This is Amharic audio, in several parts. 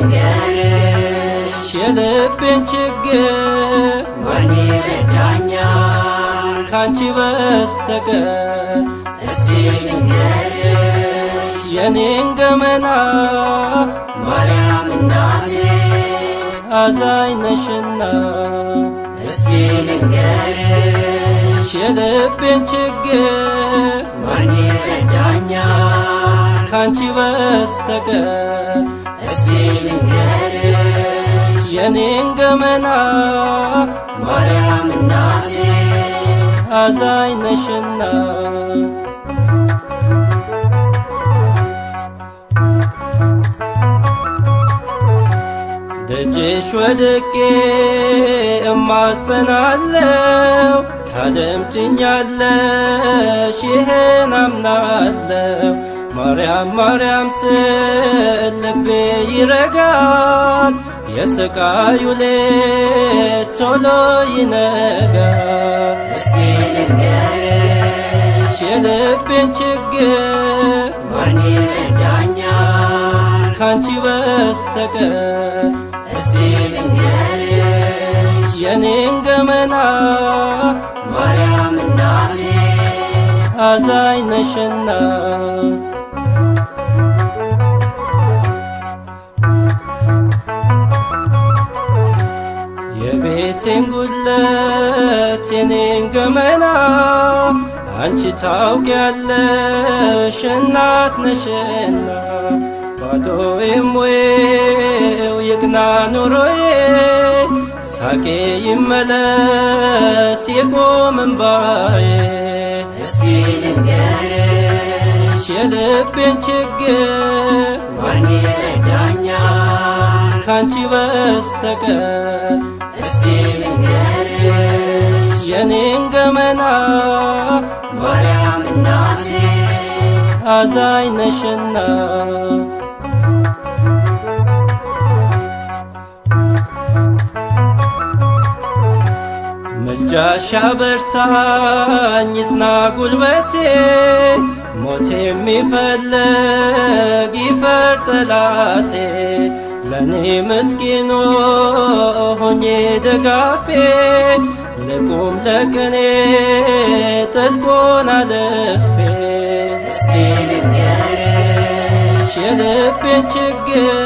ልንገርሽ የልቤን ችግር ወኔ ረዳኛል ካንቺ በስተቀር እስቲ ልንገርሽ የኔን ገመና ማርያም እናቴ አዛኝ ነሽና እስቲ ልንገርሽ የልቤን ችግር ወኔ ረዳኛል ካንቺ በስተቀር የኔን ገመና ማርያም እናቴ አዛኝ ነሽና ደጅሽ ወድቄ እማጸናለው ታደምጭኛለሽ ይሄን አምናለው ማርያም ማርያም ስል ልቤ ይረጋል፣ የስቃዩ ሌት ቶሎ ይነጋል። እስቲ ልንገርሽ የልቤን ችግር ማን ይረዳኛል ካንቺ በስተቀር። እስቲ ልንገርሽ የኔን ገመና ማርያም እናቴ አዛኝ ነሽና የቤቴን ጉለት የኔን ገመና አንቺ ታውቂያለሽ እናት ነሽና ባዶዬም ወይው ይግና ኑሮዬ ሳቄ ይመለስ የቆመ እንባዬ ልንገር የልቤን ችግር ማን ይረዳኛል ካንቺ በስተቀር እስቲ ልንገርሽ የኔን ገመና ማርያም እናቴ አዛኝ ነሽና ምልጃሽ አበርታኝ ይጽና ጉልበቴ ሞት የሚፈልግ ይፈር ጠላቴ ለእኔ ምስኪኖ ሆኜ ደጋፌ ልቁም ለቅኔ ጥልቁን አልፌ የልቤን ችግር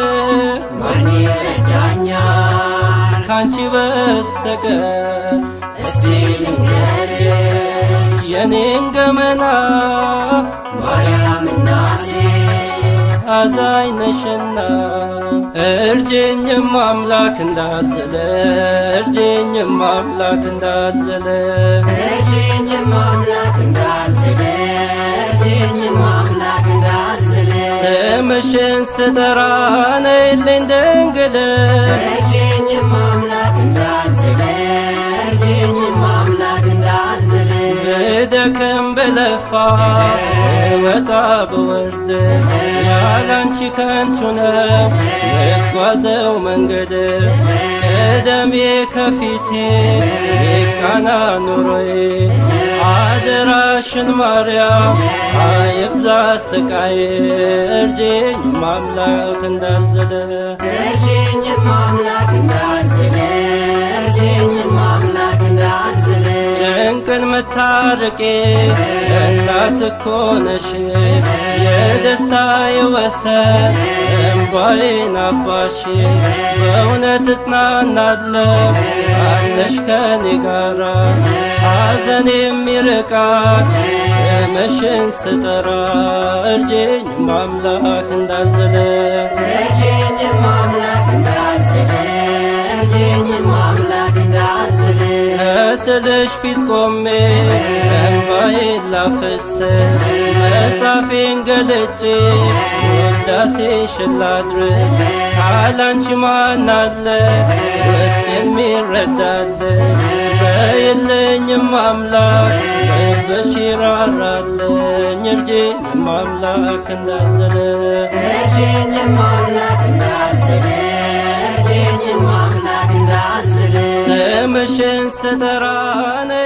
ማን ይረዳኛል ካንቺ በስተቀር እስቲ ልንገርሽ የኔን ገመና አዛኝ ነሽና እርጄኝም አምላክ እንዳዘለ እርጄኝም አምላክ እንዳዘለ እርጄኝም አምላክ እንዳዘለ እርጄኝም አምላክ እንዳዘለ ስምሽን ስጠራ ነይልኝ ድንግል እርጄኝም አምላክ እንዳዘለ እርጄኝም አምላክ እንዳዘለ ብደክም ብለፋ ወጣ በወርድ ያላንቺ ከንቱ ነው የጓዘው መንገድ ቀደሜ ከፊቴ የቃና ኑሮዬ አደራሽን ማርያም አይብዛ ስቃዬ እርጄኝ ማምላክ እንዳልዘለ ቅን መታረቄ እናት እኮ ነሽ የደስታ የወሰን እንባዬን አባሽ በእውነት እጽናናለሁ አለሽ ከኔ ጋራ ሐዘን የሚርቃት ስምሽን ስጠራ እርጄኝ ማምላክ እንዳልዘለ በስልሽ ፊት ቆሜ እንባዬን ላፍስ መጽሐፌን ገልጬ ውዳሴሽን ላድርስ ካላንቺ ማን አለ ውስጤ የሚረዳልሽ በየለኝም አምላክ ልብሽ ይራራልኝ እርጅኝም አምላክ እንዳልዘለ እርጅኝም አምላክ እንዳልዘለ እርጅኝም አምላክ እንዳልዘለ د مشن سترانه